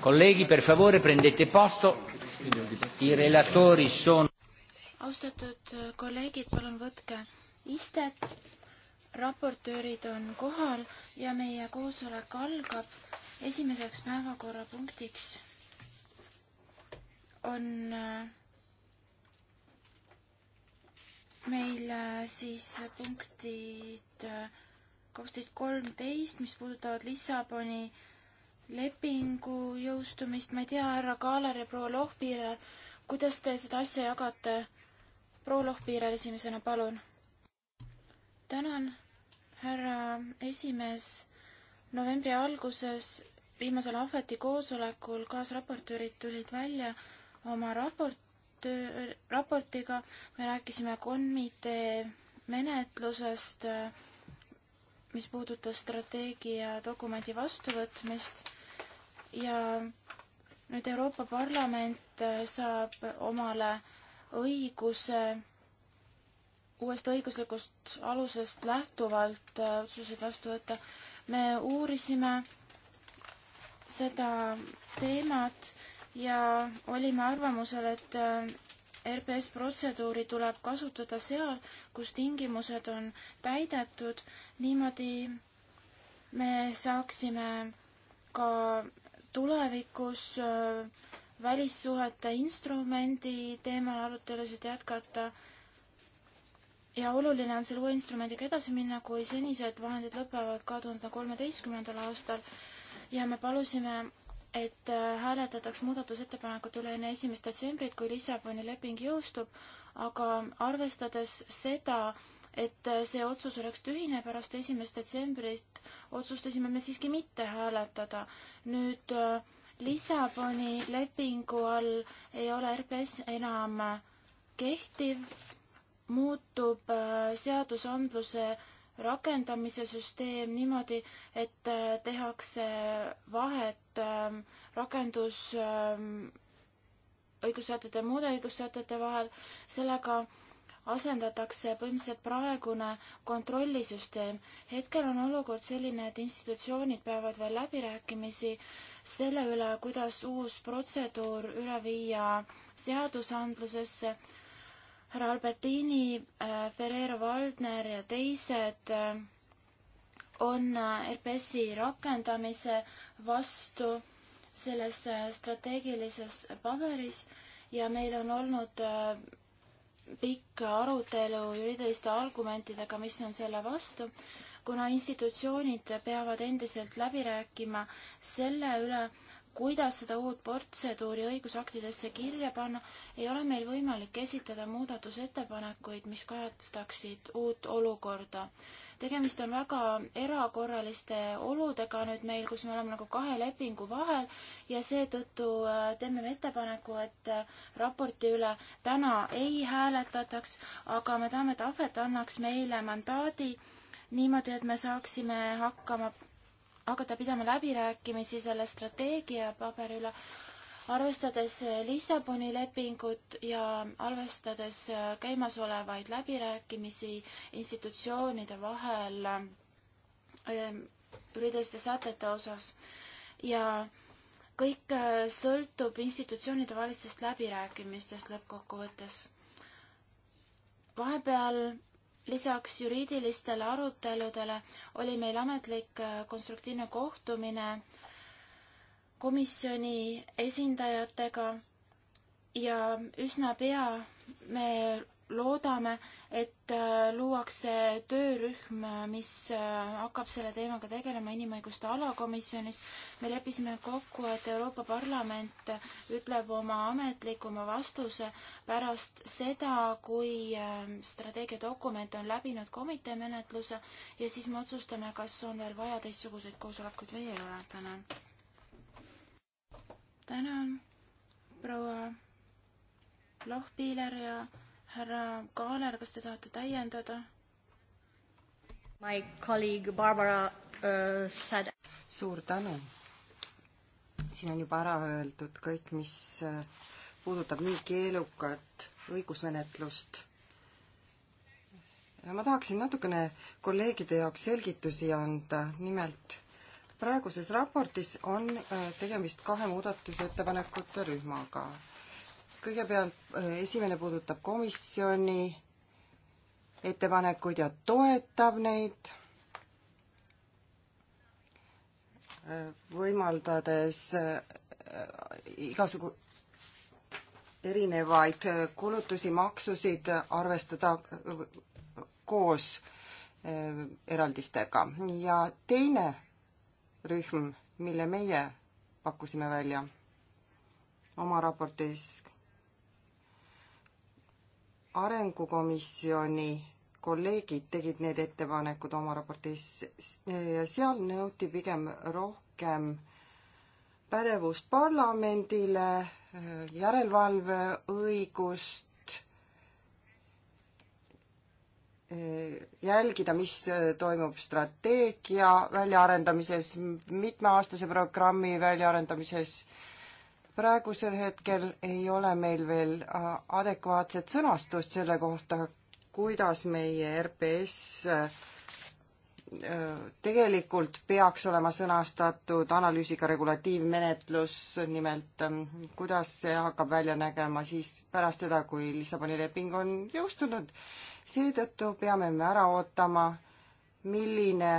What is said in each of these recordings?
Colleghi, per favore, prendete posto. I relatori sono... Austatud kolleegid, palun võtke istet. Raportöörid on kohal ja meie koosolek algab esimeseks päevakorrapunktiks on äh, meil äh, siis punktid äh, kaksteist kolmteist, mis puudutavad Lissaboni äh, lepingu jõustumist, ma ei tea, härra Kaaler ja proua Lohpiirer, kuidas te seda asja jagate? proua Lohpiirer esimesena, palun. tänan, härra esimees. novembri alguses viimasel ahveti koosolekul kaasraportöörid tulid välja oma raport, raportiga. me rääkisime komitee menetlusest mis puudutas strateegia dokumendi vastuvõtmist ja nüüd Euroopa Parlament äh, saab omale õiguse uuest õiguslikust alusest lähtuvalt äh, otsuseid vastu võtta. me uurisime seda teemat ja olime arvamusel, et äh, RPS protseduuri tuleb kasutada seal, kus tingimused on täidetud, niimoodi me saaksime ka tulevikus äh, välissuhete instrumendi teemal arutelusid jätkata ja oluline on selle uue instrumendiga edasi minna, kui senised vahendid lõpevad kahe tuhande kolmeteistkümnendal aastal ja me palusime, et äh, hääletataks muudatusettepanekut üle enne esimest detsembrit, kui Lissaboni leping jõustub, aga arvestades seda, et äh, see otsus oleks tühine pärast esimest detsembrit, otsustasime me siiski mitte hääletada. nüüd äh, Lissaboni lepingu all ei ole RPS enam äh, kehtiv, muutub seadusandluse rakendamise süsteem niimoodi, et tehakse vahet ähm, rakendus ähm, õigussätete ja muude õigussätete vahel, sellega äh, asendatakse põhimõtteliselt praegune kontrollisüsteem. hetkel on olukord selline, et institutsioonid peavad veel läbirääkimisi selle üle, kuidas uus protseduur üle viia seadusandlusesse. härra Albertini, äh, Ferrero Valdner ja teised äh, on äh, RPS-i rakendamise vastu selles strateegilises paberis ja meil on olnud äh, pikka arutelu juriidiliste argumentidega, mis on selle vastu, kuna institutsioonid peavad endiselt läbi rääkima selle üle, kuidas seda uut protseduuri õigusaktidesse kirja panna, ei ole meil võimalik esitada muudatusettepanekuid, mis kajastaksid uut olukorda tegemist on väga erakorraliste oludega nüüd meil, kus me oleme nagu kahe lepingu vahel ja seetõttu äh, teeme me ettepaneku, et äh, raporti üle täna ei hääletataks, aga me tahame, et Ahvet annaks meile mandaadi niimoodi, et me saaksime hakkama hakata pidama läbirääkimisi selle strateegiapaberi üle, arvestades Lissaboni lepingut ja arvestades käimasolevaid läbirääkimisi institutsioonide vahel juriidiliste ähm, sätete osas ja kõik äh, sõltub institutsioonide valistest läbirääkimistest lõppkokkuvõttes. vahepeal lisaks juriidilistele aruteludele oli meil ametlik äh, konstruktiivne kohtumine äh, komisjoni esindajatega ja üsna pea me loodame, et äh, luuakse töörühm, mis äh, hakkab selle teemaga tegelema inimõiguste alakomisjonis. me leppisime kokku, et Euroopa Parlament ütleb oma ametlikuma vastuse pärast seda, kui äh, strateegiadokument on läbinud komitee menetluse ja siis me otsustame, kas on veel vaja teistsuguseid koosolekuid või ei ole. tänan tänan, proua Lohpiiler ja härra Kaaler, kas te tahate täiendada? My colleague Barbara uh, said suur tänu. siin on juba ära öeldud kõik, mis uh, puudutab nii keelukat õigusmenetlust. ma tahaksin natukene kolleegide jaoks selgitusi anda, nimelt praeguses raportis on äh, tegemist kahe muudatusettepanekute rühmaga. kõigepealt äh, esimene puudutab komisjoni ettepanekuid ja toetab neid, äh, võimaldades igasugu erinevaid kulutusi, maksusid arvestada koos eraldistega ja teine rühm, mille meie pakkusime välja oma raportis. arengukomisjoni kolleegid tegid need ettepanekud oma raportis ja seal nõuti pigem rohkem pädevust parlamendile, järelevalveõigust, jälgida, mis toimub strateegia väljaarendamises, mitmeaastase programmi väljaarendamises. praegusel hetkel ei ole meil veel äh, adekvaatset sõnastust selle kohta, kuidas meie RPS äh, tegelikult peaks olema sõnastatud analüüsiga regulatiivmenetlus, nimelt ähm, kuidas see hakkab välja nägema siis pärast seda, kui Lissaboni leping on jõustunud. seetõttu peame me ära ootama, milline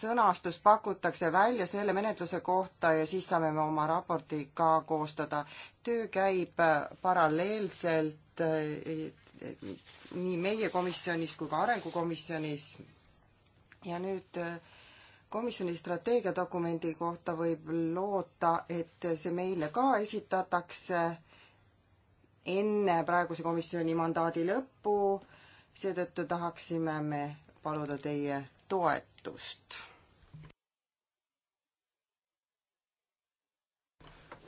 sõnastus pakutakse välja selle menetluse kohta ja siis saame me oma raporti ka koostada. töö käib äh, paralleelselt äh, nii meie komisjonis kui ka arengukomisjonis ja nüüd äh, komisjoni strateegiadokumendi kohta võib loota, et see meile ka esitatakse enne praeguse komisjoni mandaadi lõppu. seetõttu tahaksime me paluda teie toetust.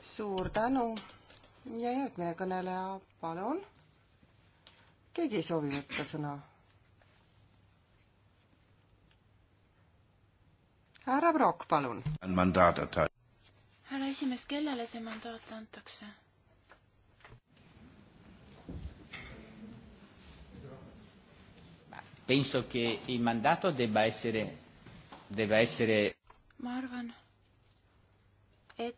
suur tänu ja järgmine kõneleja, palun. keegi ei soovi võtta sõna härra Brock, palun. härra esimees, kellele see mandaat antakse? Penso che il mandato debba essere, debba essere... ma arvan, et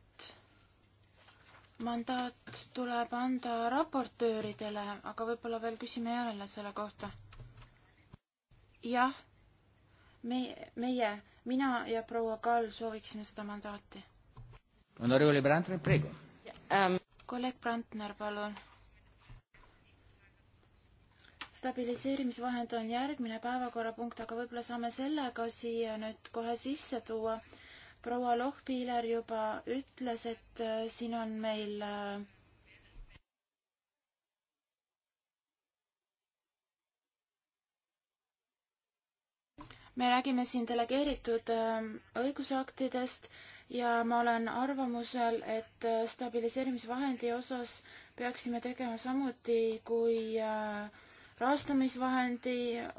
mandaat tuleb anda raportööridele, aga võib-olla veel küsime järele selle kohta. jah, me, meie mina ja proua Kall sooviksime seda mandaati. Honorable Brandner, praegu um.... Ähm, kolleeg Brandner, palun. stabiliseerimisvahend on järgmine päevakorrapunkt, aga võib-olla saame sellega siia nüüd kohe sisse tuua. proua Lohpiiler juba ütles, et äh, siin on meil äh, me räägime siin delegeeritud ähm, õigusaktidest ja ma olen arvamusel, et äh, stabiliseerimisvahendi osas peaksime tegema samuti kui äh, rahastamisvahendi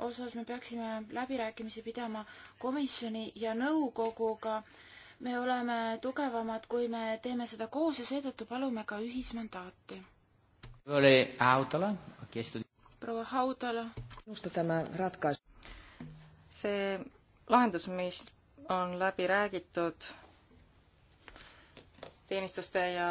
osas me peaksime läbirääkimisi pidama komisjoni ja nõukoguga. me oleme tugevamad, kui me teeme seda koos ja seetõttu palume ka ühismandaati. proua Haudala. nõustu tema ratkas see lahendus, mis on läbi räägitud teenistuste ja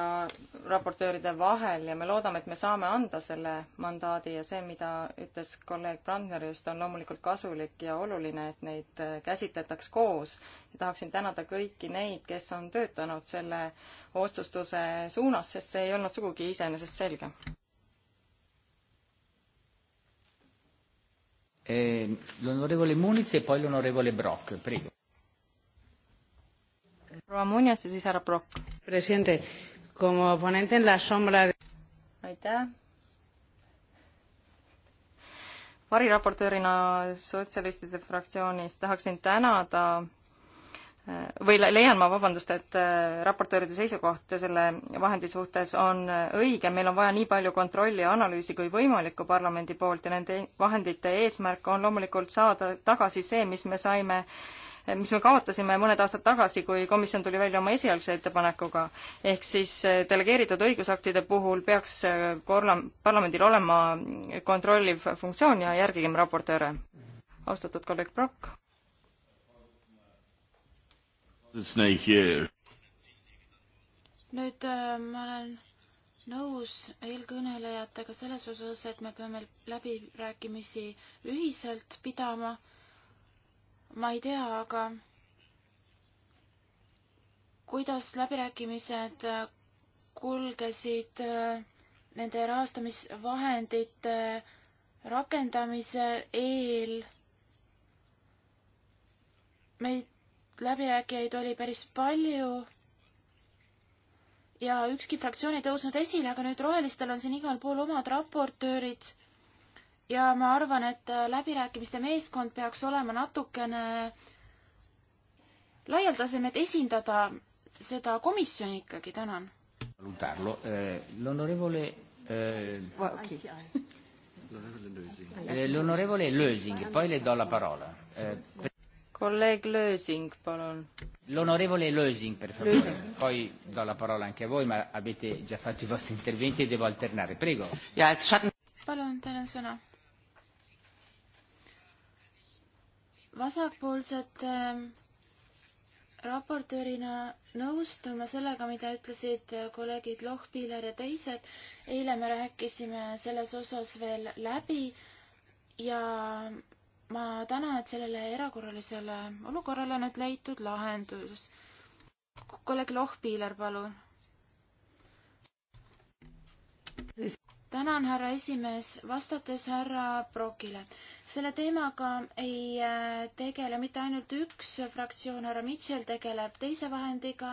raportööride vahel ja me loodame, et me saame anda selle mandaadi ja see, mida ütles kolleeg Brandner just, on loomulikult kasulik ja oluline, et neid äh, käsitletaks koos. ja tahaksin tänada kõiki neid, kes on töötanud selle otsustuse suunas, sest see ei olnud sugugi iseenesestselge. eh, l'onorevole Muniz e poi l'onorevole Brock, prego. proua Muniz ja siis härra Brock. president, como ponente en la sombra de... aitäh. variraportöörina sotsialistide fraktsioonist tahaksin tänada või leian ma, vabandust, et äh, raportööride seisukoht selle vahendi suhtes on äh, õige, meil on vaja nii palju kontrolli ja analüüsi kui võimalikku parlamendi poolt ja nende vahendite eesmärk on loomulikult saada tagasi see, mis me saime äh, mis me kaotasime mõned aastad tagasi, kui komisjon tuli välja oma esialgse ettepanekuga. ehk siis delegeeritud õigusaktide puhul peaks korla-, parlamendil olema kontrolliv funktsioon ja järgigem raportööre. austatud kolleeg Brock nüüd äh, ma olen nõus eelkõnelejatega selles osas, et me peame läbirääkimisi ühiselt pidama. ma ei tea, aga kuidas läbirääkimised äh, kulgesid äh, nende rahastamisvahendite rakendamise eel? me ei läbirääkijaid oli päris palju ja ükski fraktsioon ei tõusnud esile, aga nüüd rohelistel on siin igal pool omad raportöörid ja ma arvan, et läbirääkimiste meeskond peaks olema natukene laialdasem, et esindada seda komisjoni ikkagi, tänan. Lutarlo eh,, l'onorevole eh, okay. Eh, l'onorevole Lösing, poi le do la parola eh, kolleeg Lösing, palun. L'onorevole Lösing, per favore. Lösing. Poi do la parola anche a voi, ma avete già fatto i vostri interventi e devo alternare. Prego. Ja, jetzt Schatten. Palun, teil on sõna. vasakpoolsete äh, raportöörina nõustuma sellega, mida ütlesid äh, kolleegid Lohpiiler ja teised. eile me rääkisime selles osas veel läbi ja ma tänan, et sellele erakorralisele olukorrale on nüüd leitud lahendus. kolleeg Lohpiiler, palun. tänan, härra esimees, vastates härra Brokile. selle teemaga ei äh, tegele mitte ainult üks fraktsioon, härra Mitchell tegeleb teise vahendiga,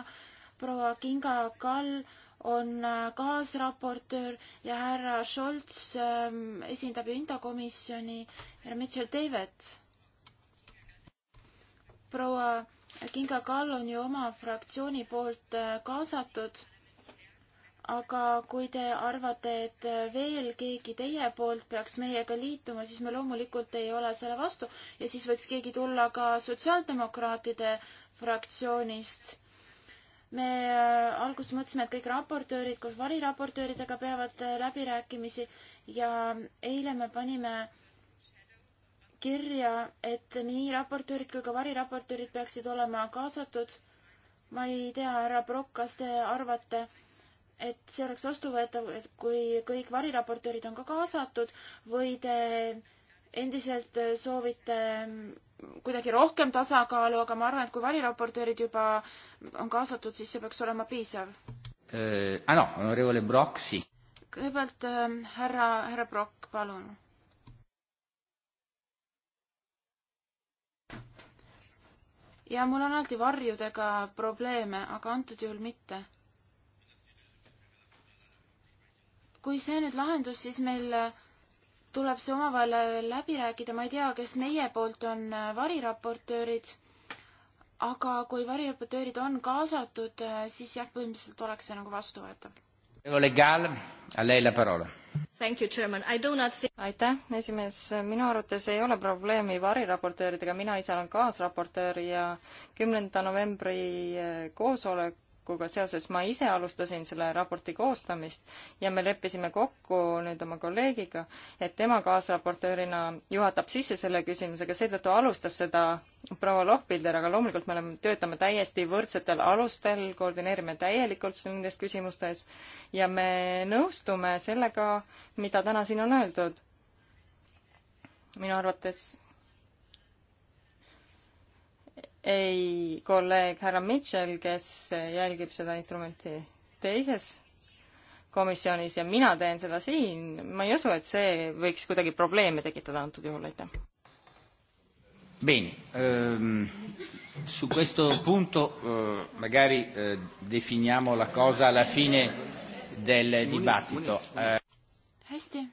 proua Kinga Kall on äh, kaasraportöör ja härra Scholz ähm, esindab Inda komisjoni, härra Mitchell Davet. proua Kinga Kall on ju oma fraktsiooni poolt äh, kaasatud, aga kui te arvate, et äh, veel keegi teie poolt peaks meiega liituma, siis me loomulikult ei ole selle vastu ja siis võiks keegi tulla ka sotsiaaldemokraatide fraktsioonist me äh, alguses mõtlesime, et kõik raportöörid koos variraportööridega peavad äh, läbirääkimisi ja eile me panime kirja, et nii raportöörid kui ka variraportöörid peaksid olema kaasatud. ma ei tea, härra Prokk, kas te arvate, et see oleks vastuvõetav, et kui kõik variraportöörid on ka kaasatud või te endiselt äh, soovite kuidagi rohkem tasakaalu, aga ma arvan, et kui variraportöörid juba on kaasatud, siis see peaks olema piisav. Eh, ah kõigepealt ähm, härra, härra Brock, palun. ja mul on alati varjudega probleeme, aga antud juhul mitte. kui see nüüd lahendus, siis meil tuleb see omavahel läbi rääkida, ma ei tea, kes meie poolt on äh, variraportöörid, aga kui variraportöörid on kaasatud, äh, siis jah, põhimõtteliselt oleks see nagu vastuvõetav. aitäh, esimees, minu arvates ei ole probleemi variraportööridega, mina ise olen kaasraportöör ja kümnenda novembri äh, koosolek ettepanekuga seoses ma ise alustasin selle raporti koostamist ja me leppisime kokku nüüd oma kolleegiga, et tema kaasraportöörina juhatab sisse selle küsimusega, seetõttu alustas seda proua Lohpilder, aga loomulikult me oleme, töötame täiesti võrdsetel alustel, koordineerime täielikult nendes küsimustes ja me nõustume sellega, mida täna siin on öeldud. minu arvates ei kolleeg härra Mitchell, kes jälgib seda instrumenti teises komisjonis ja mina teen seda siin, ma ei usu, et see võiks kuidagi probleeme tekitada antud juhul, aitäh. Bene ehm,, su questo punto eh, magari eh, definiamo la cosa alla fine del dibattito eh.. hästi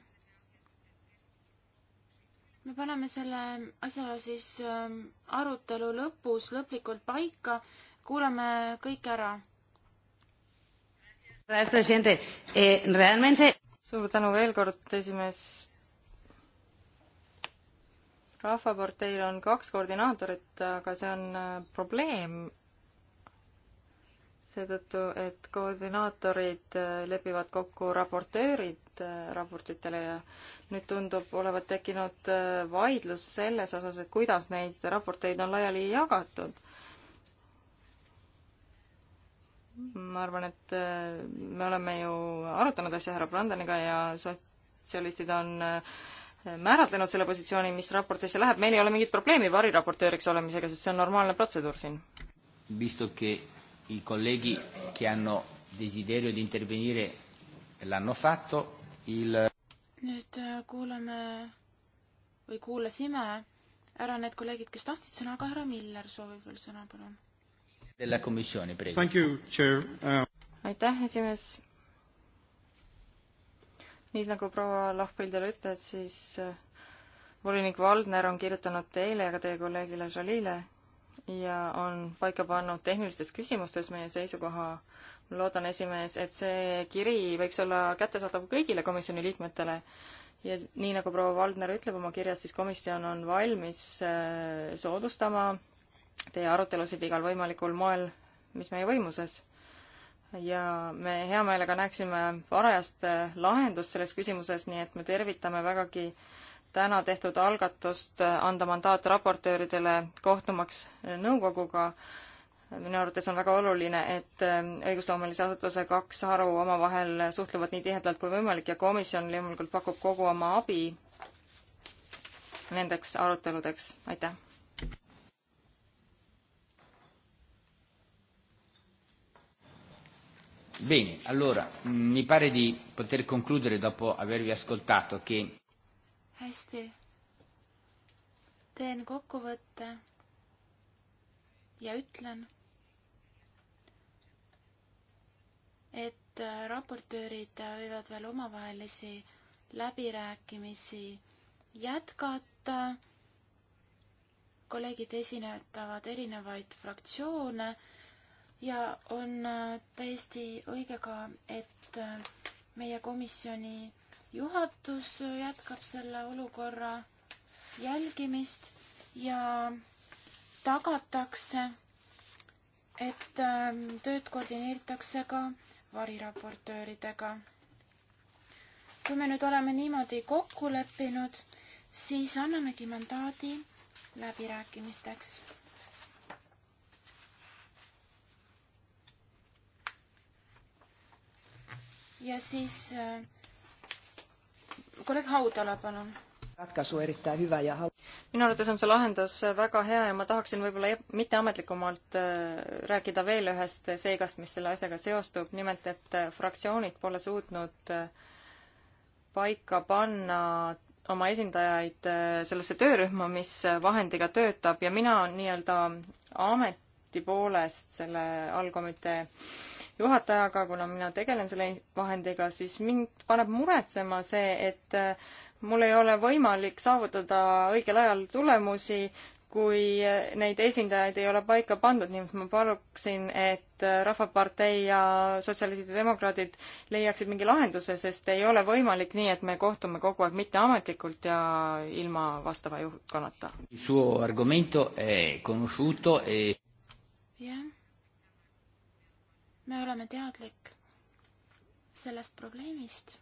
me paneme selle asja siis ähm, arutelu lõpus lõplikult paika, kuulame kõik ära. Eh, suur tänu veel kord, esimees. rahvaparteil on kaks koordinaatorit, aga see on äh, probleem, seetõttu, et koordinaatorid äh, lepivad kokku raportöörid äh, raportitele ja nüüd tundub olevat tekkinud äh, vaidlus selles osas, et kuidas neid raporteid on laiali jagatud. ma arvan, et me oleme ju arutanud asja härra Brandoniga ja sotsialistid on määratlenud selle positsiooni, mis raportisse läheb, meil ei ole mingit probleemi variraportööriks olemisega, sest see on normaalne protseduur siin. Visto che i colleghi che hanno desiderio di intervenire l'hanno fatto. Il... nüüd äh, kuulame või kuulasime ära need kolleegid, kes tahtsid sõna, aga härra Miller soovib veel sõna, palun. Uh, aitäh, esimees. nii nagu proua Lahpilder ütles, siis äh, volinik Valdner on kirjutanud teile ja ka teie kolleegile Jolile ja on paika pannud tehnilistes küsimustes meie seisukoha. loodan, esimees, et see kiri võiks olla kättesaadav kõigile komisjoni liikmetele ja nii, nagu proua Valdner ütleb oma kirjas, siis komisjon on valmis äh, soodustama teie arutelusid igal võimalikul moel, mis meie võimuses. ja me hea meelega näeksime varajast äh, lahendust selles küsimuses, nii et me tervitame vägagi äh, täna tehtud algatust äh, anda mandaat raportööridele kohtumaks äh, nõukoguga. minu arvates on väga oluline, et äh, õigusloomelise asutuse kaks haru omavahel suhtlevad nii tihedalt kui võimalik ja komisjon loomulikult pakub kogu oma abi nendeks aruteludeks, aitäh. Bene, allora mi pare di poter concludere dopo avervi ascoltato che hästi. teen kokkuvõtte ja ütlen, et äh, raportöörid võivad veel omavahelisi läbirääkimisi jätkata. kolleegid esinevad erinevaid fraktsioone ja on äh, täiesti õige ka, et äh, meie komisjoni juhatus jätkab selle olukorra jälgimist ja tagatakse, et ähm, tööd koordineeritakse ka variraportööridega. kui me nüüd oleme niimoodi kokku leppinud, siis annamegi mandaadi läbirääkimisteks. ja siis äh, kolleeg Haudala, palun. minu arvates on see lahendus väga hea ja ma tahaksin võib-olla mitteametlikumalt äh, rääkida veel ühest seigast, mis selle asjaga seostub, nimelt et äh, fraktsioonid pole suutnud äh, paika panna oma esindajaid sellesse töörühma, mis vahendiga töötab ja mina nii-öelda ameti poolest selle allkomitee juhatajaga, kuna mina tegelen selle vahendiga, siis mind paneb muretsema see, et äh, mul ei ole võimalik saavutada õigel ajal tulemusi, kui äh, neid esindajaid ei ole paika pandud, nii et ma paluksin, et äh, Rahvapartei ja Sotsialistid ja Demokraadid leiaksid mingi lahenduse, sest ei ole võimalik nii, et me kohtume kogu aeg mitteametlikult ja ilma vastava juhtkonnata. E- jah me oleme teadlik sellest probleemist.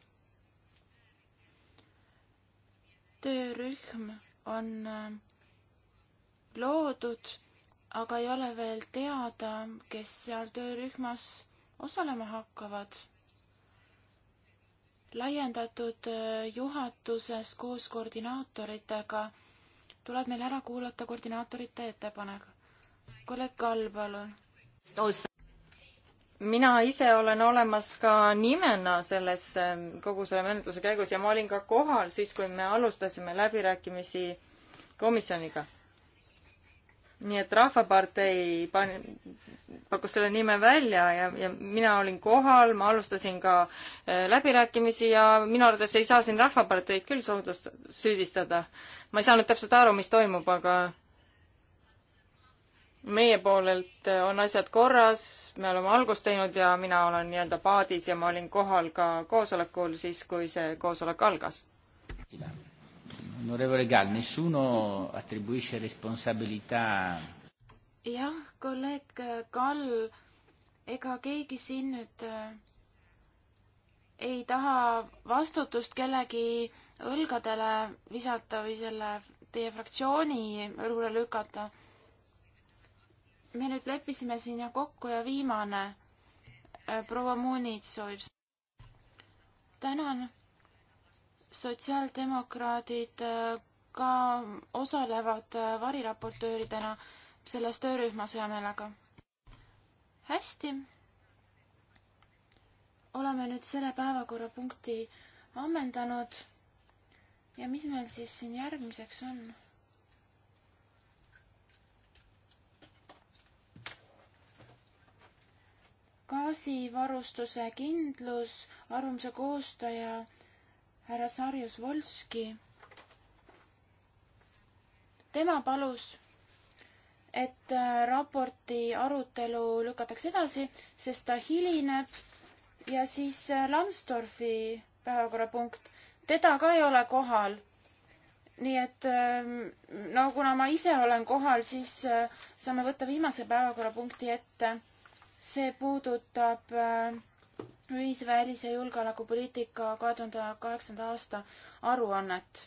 töörühm on äh, loodud, aga ei ole veel teada, kes seal töörühmas osalema hakkavad. laiendatud äh, juhatuses koos koordinaatoritega tuleb meil ära kuulata koordinaatorite ettepanek. kolleeg Kall, palun mina ise olen olemas ka nimena selles ähm, kogu selle menetluse käigus ja ma olin ka kohal siis, kui me alustasime läbirääkimisi komisjoniga. nii et Rahvapartei pani, pakkus selle nime välja ja, ja mina olin kohal, ma alustasin ka äh, läbirääkimisi ja minu arvates ei saa siin Rahvaparteid küll soodust-, süüdistada. ma ei saa nüüd täpselt aru, mis toimub, aga meie poolelt on asjad korras, me oleme algust teinud ja mina olen nii-öelda paadis ja ma olin kohal ka koosolekul siis, kui see koosolek algas. jah, kolleeg Kall, ega keegi siin nüüd äh, ei taha vastutust kellegi õlgadele visata või selle teie fraktsiooni õlule lükata me nüüd leppisime siin ja kokku ja viimane äh, proua Muunits soovib. tänan. sotsiaaldemokraadid äh, ka osalevad äh, variraportööridena selles töörühmas hea meelega. hästi. oleme nüüd selle päevakorrapunkti ammendanud. ja mis meil siis siin järgmiseks on? gaasivarustuse kindlus, arvamuse koostaja härra Sarjus Volski. tema palus, et äh, raporti arutelu lükatakse edasi, sest ta hilineb ja siis äh, Lambsdorfi päevakorrapunkt, teda ka ei ole kohal. nii et ähm, no kuna ma ise olen kohal, siis äh, saame võtta viimase päevakorrapunkti ette see puudutab äh, ühisvälise julgeolekupoliitika kahe tuhande kaheksanda aasta aruannet.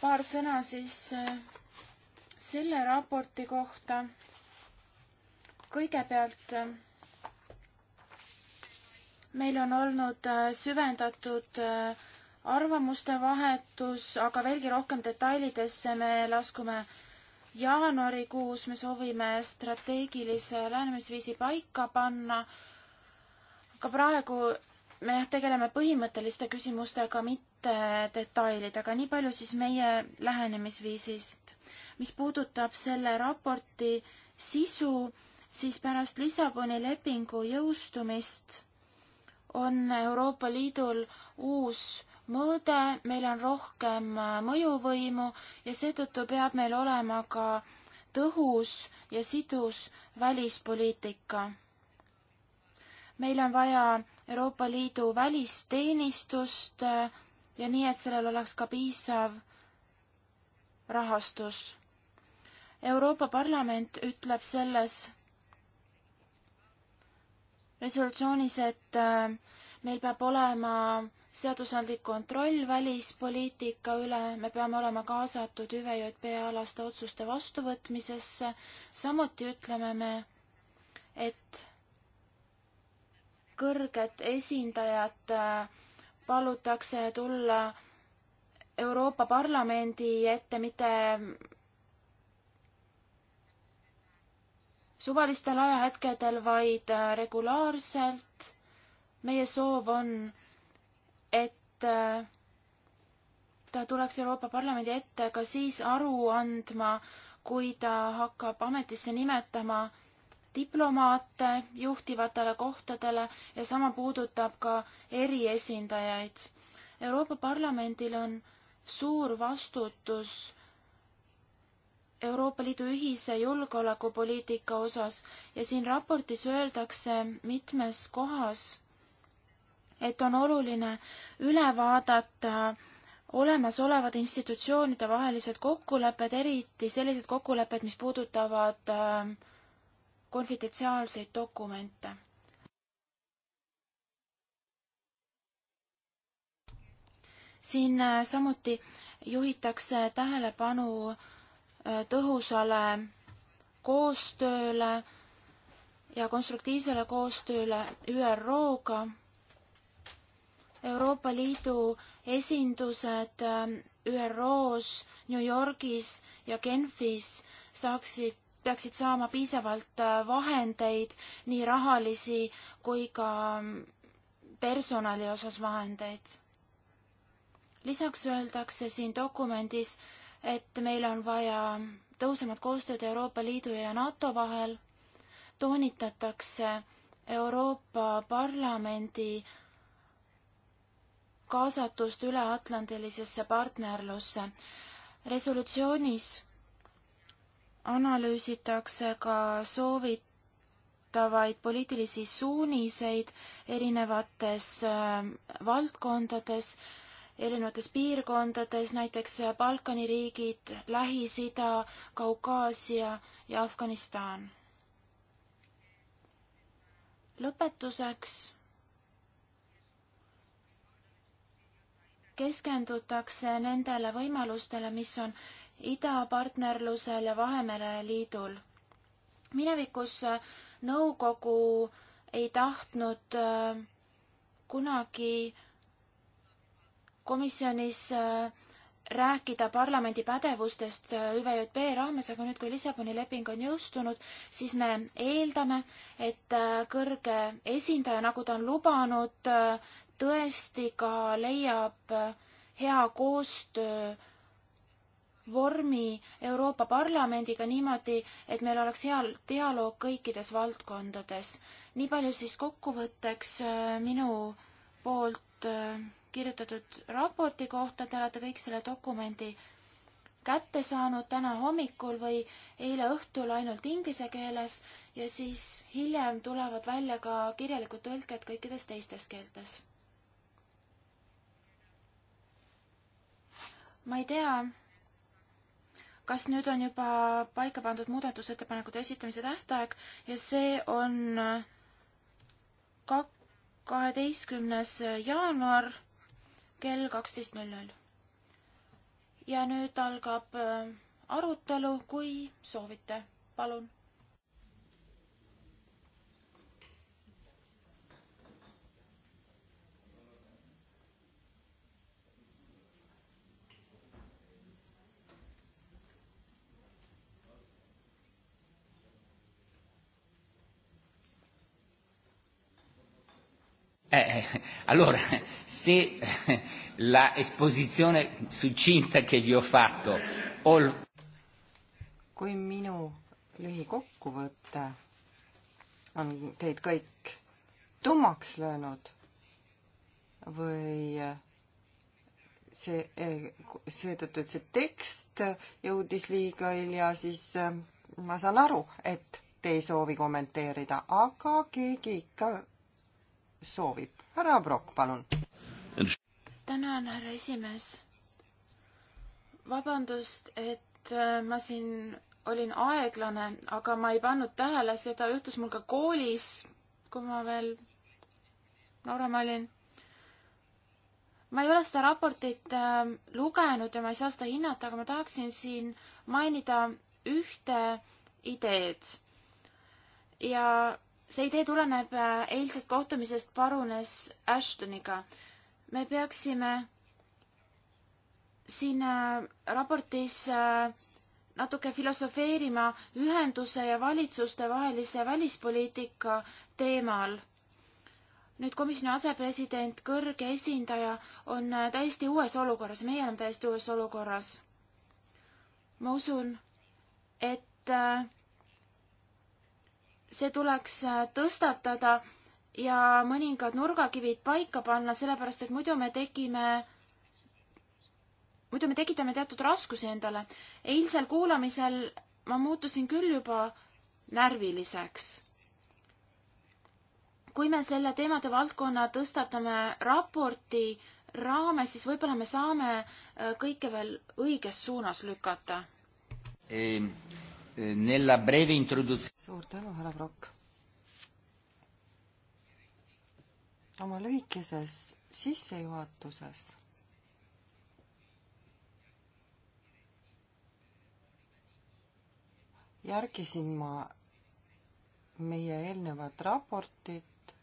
paar sõna siis äh, selle raporti kohta. kõigepealt äh, meil on olnud süvendatud arvamuste vahetus, aga veelgi rohkem detailidesse me laskume jaanuarikuus me soovime strateegilise lähenemisviisi paika panna, aga praegu me tegeleme põhimõtteliste küsimustega, mitte detailidega, nii palju siis meie lähenemisviisist. mis puudutab selle raporti sisu, siis pärast Lissaboni lepingu jõustumist on Euroopa Liidul uus mõõde, meil on rohkem äh, mõjuvõimu ja seetõttu peab meil olema ka tõhus ja sidus välispoliitika. meil on vaja Euroopa Liidu välisteenistust äh, ja nii, et sellel oleks ka piisav rahastus. Euroopa Parlament ütleb selles resolutsioonis, et äh, meil peab olema äh, seadusandlik kontroll välispoliitika üle, me peame olema kaasatud ÜVJP alaste otsuste vastuvõtmisesse, samuti ütleme me, et kõrged esindajad äh, palutakse tulla Euroopa Parlamendi ette mitte suvalistel ajahetkedel, vaid äh, regulaarselt. meie soov on et äh, ta tuleks Euroopa Parlamendi ette ka siis aru andma, kui ta hakkab ametisse nimetama diplomaate juhtivatele kohtadele ja sama puudutab ka eriesindajaid. Euroopa Parlamendil on suur vastutus Euroopa Liidu ühise julgeolekupoliitika osas ja siin raportis öeldakse mitmes kohas, et on oluline üle vaadata olemasolevad institutsioonide vahelised kokkulepped, eriti sellised kokkulepped, mis puudutavad äh, konfidentsiaalseid dokumente. siin äh, samuti juhitakse tähelepanu äh, tõhusale koostööle ja konstruktiivsele koostööle ÜRO-ga Euroopa Liidu esindused ähm, ÜRO-s, New Yorgis ja Genfis saaksid, peaksid saama piisavalt äh, vahendeid, nii rahalisi kui ka ähm, personali osas vahendeid. lisaks öeldakse siin dokumendis, et meil on vaja tõusemat koostööd Euroopa Liidu ja NATO vahel, toonitatakse Euroopa Parlamendi kaasatust üleatlandilisesse partnerlusse. resolutsioonis analüüsitakse ka soovitavaid poliitilisi suuniseid erinevates äh, valdkondades, erinevates piirkondades, näiteks äh, Balkani riigid, Lähis-Ida, Kaukaasia ja Afganistan. lõpetuseks keskendutakse nendele võimalustele, mis on idapartnerlusel ja Vahemere liidul. minevikus äh, nõukogu ei tahtnud äh, kunagi komisjonis äh, rääkida parlamendi pädevustest ÜVJP raames, aga nüüd, kui Lissaboni leping on jõustunud, siis me eeldame, et kõrge esindaja, nagu ta on lubanud, tõesti ka leiab hea koostöö vormi Euroopa Parlamendiga niimoodi, et meil oleks hea dialoog kõikides valdkondades. nii palju siis kokkuvõtteks äh, minu poolt äh, kirjutatud raporti kohta, te olete kõik selle dokumendi kätte saanud täna hommikul või eile õhtul ainult inglise keeles ja siis hiljem tulevad välja ka kirjalikud tõlked kõikides teistes keeltes ma ei tea, kas nüüd on juba paika pandud muudatusettepanekute esitamise tähtaeg ja see on kaheteistkümnes jaanuar kell kaksteist null null. ja nüüd algab äh, arutelu, kui soovite, palun Eh, eh, allora, se la esposizione succinta che vi ho fatto ol... kui minu lühikokkuvõte on teid kõik tummaks löönud või see, seetõttu, et see tekst jõudis liiga hilja, siis eh, ma saan aru, et te ei soovi kommenteerida, aga keegi ikka soovib. härra Brock, palun. tänan, härra esimees. vabandust, et äh, ma siin olin aeglane, aga ma ei pannud tähele, seda juhtus mul ka koolis, kui ma veel noorem olin. ma ei ole seda raportit äh, lugenud ja ma ei saa seda hinnata, aga ma tahaksin siin mainida ühte ideed. ja see idee tuleneb äh, eilsest kohtumisest parunes Ashtoniga. me peaksime siin äh, raportis äh, natuke filosofeerima ühenduse ja valitsuste vahelise välispoliitika teemal. nüüd komisjoni asepresident, kõrge esindaja on täiesti uues olukorras, meie oleme täiesti uues olukorras. ma usun, et see tuleks äh, tõstatada ja mõningad nurgakivid paika panna, sellepärast et muidu me tegime, muidu me tekitame teatud raskusi endale. eilsel kuulamisel ma muutusin küll juba närviliseks. kui me selle teemade valdkonna tõstatame raporti raames, siis võib-olla me saame äh, kõike veel õiges suunas lükata. Ehm, nella breve introduzione. suur tänu, härra Prokk. oma lühikeses sissejuhatuses järgisin ma meie eelnevat raportit.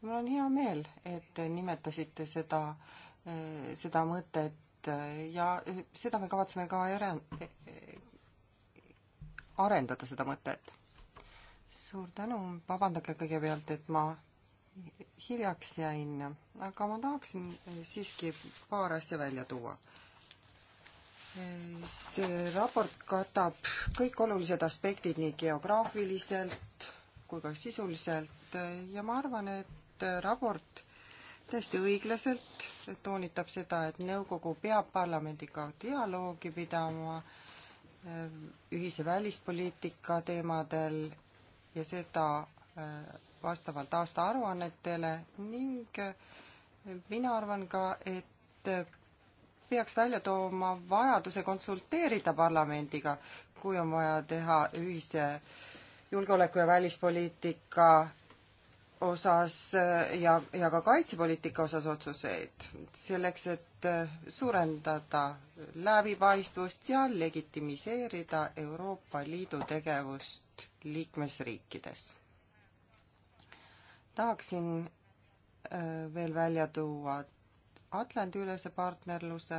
mul on hea meel, et te nimetasite seda, eh, seda mõtet eh, ja eh, seda me kavatseme ka arendada seda mõtet. suur tänu, vabandage kõigepealt, et ma hiljaks jäin, aga ma tahaksin siiski paar asja välja tuua. see raport katab kõik olulised aspektid nii geograafiliselt kui ka sisuliselt ja ma arvan, et raport täiesti õiglaselt toonitab seda, et nõukogu peab parlamendiga dialoogi pidama äh, Ähm, ühise välispoliitika teemadel ja seda äh, vastavalt aastaaruannetele ning äh, mina arvan ka, et äh, peaks välja tooma vajaduse konsulteerida parlamendiga, kui on vaja teha ühise julgeoleku- ja välispoliitika osas äh, ja, ja ka kaitsepoliitika osas otsuseid, selleks et äh, suurendada läbipaistvust ja legitimiseerida Euroopa Liidu tegevust liikmesriikides. tahaksin äh, veel välja tuua Atlandi-ülese partnerluse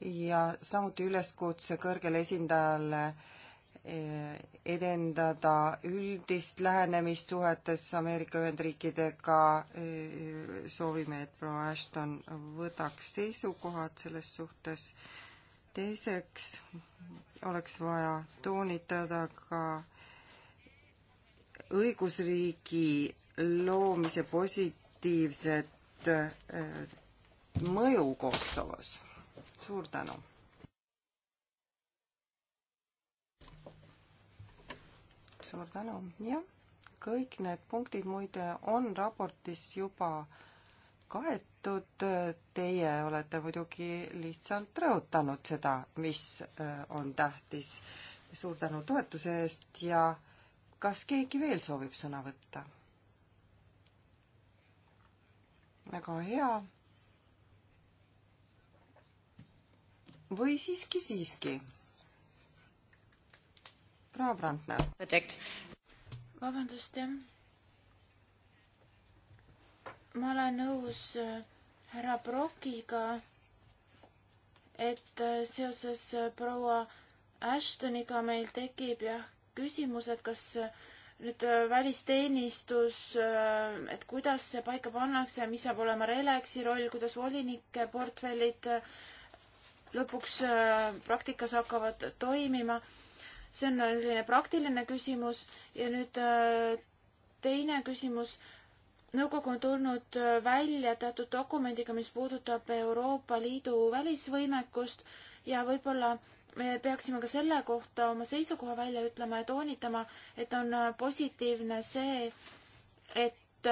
ja samuti üleskutse kõrgele esindajale äh, edendada üldist lähenemist suhetes Ameerika Ühendriikidega, soovime, et proua Ashton võtaks seisukohad selles suhtes. teiseks oleks vaja toonitada ka õigusriigi loomise positiivset äh, mõju Kosovos. suur tänu! suur tänu. jah, kõik need punktid muide on raportis juba kaetud. Teie olete muidugi lihtsalt rõhutanud seda, mis äh, on tähtis. suur tänu toetuse eest ja kas keegi veel soovib sõna võtta? väga hea. või siiski, siiski proua Brandner. vabandust, jah. ma olen nõus äh, härra Brokiga, et äh, seoses äh, proua Ashtoniga meil tekib jah küsimus, et kas nüüd välisteenistus, et kuidas see paika pannakse, mis saab olema Relexi roll, kuidas volinike portfellid lõpuks praktikas hakkavad toimima see on selline praktiline küsimus ja nüüd äh, teine küsimus. nõukogu on tulnud äh, välja teatud dokumendiga, mis puudutab Euroopa Liidu välisvõimekust ja võib-olla me peaksime ka selle kohta oma seisukoha välja ütlema ja toonitama, et on äh, positiivne see, et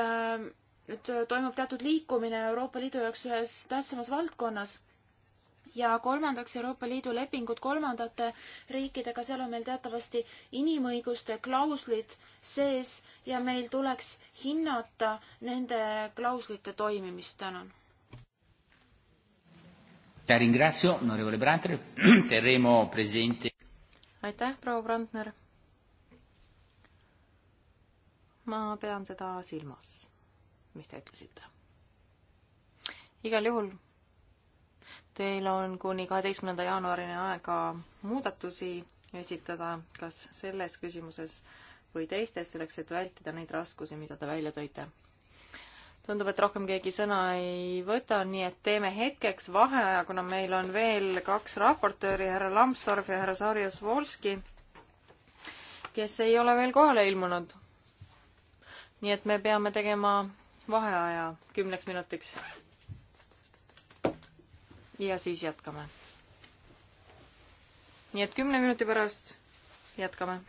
nüüd toimub teatud liikumine Euroopa Liidu jaoks ühes tähtsamas valdkonnas ja kolmandaks Euroopa Liidu lepingud kolmandate riikidega, seal on meil teatavasti inimõiguste klauslid sees ja meil tuleks hinnata nende klauslite toimimist, tänan. aitäh, proua Brandner. ma pean seda silmas, mis te ütlesite. igal juhul Teil on kuni kaheteistkümnenda jaanuarini aega muudatusi esitada, kas selles küsimuses või teistes, selleks et vältida neid raskusi, mida te välja tõite. tundub, et rohkem keegi sõna ei võta, nii et teeme hetkeks vaheaja, kuna meil on veel kaks raportööri, härra Lambsdorff ja härra Sarjus Volski, kes ei ole veel kohale ilmunud. nii et me peame tegema vaheaja kümneks minutiks ja siis jätkame. nii et kümne minuti pärast jätkame.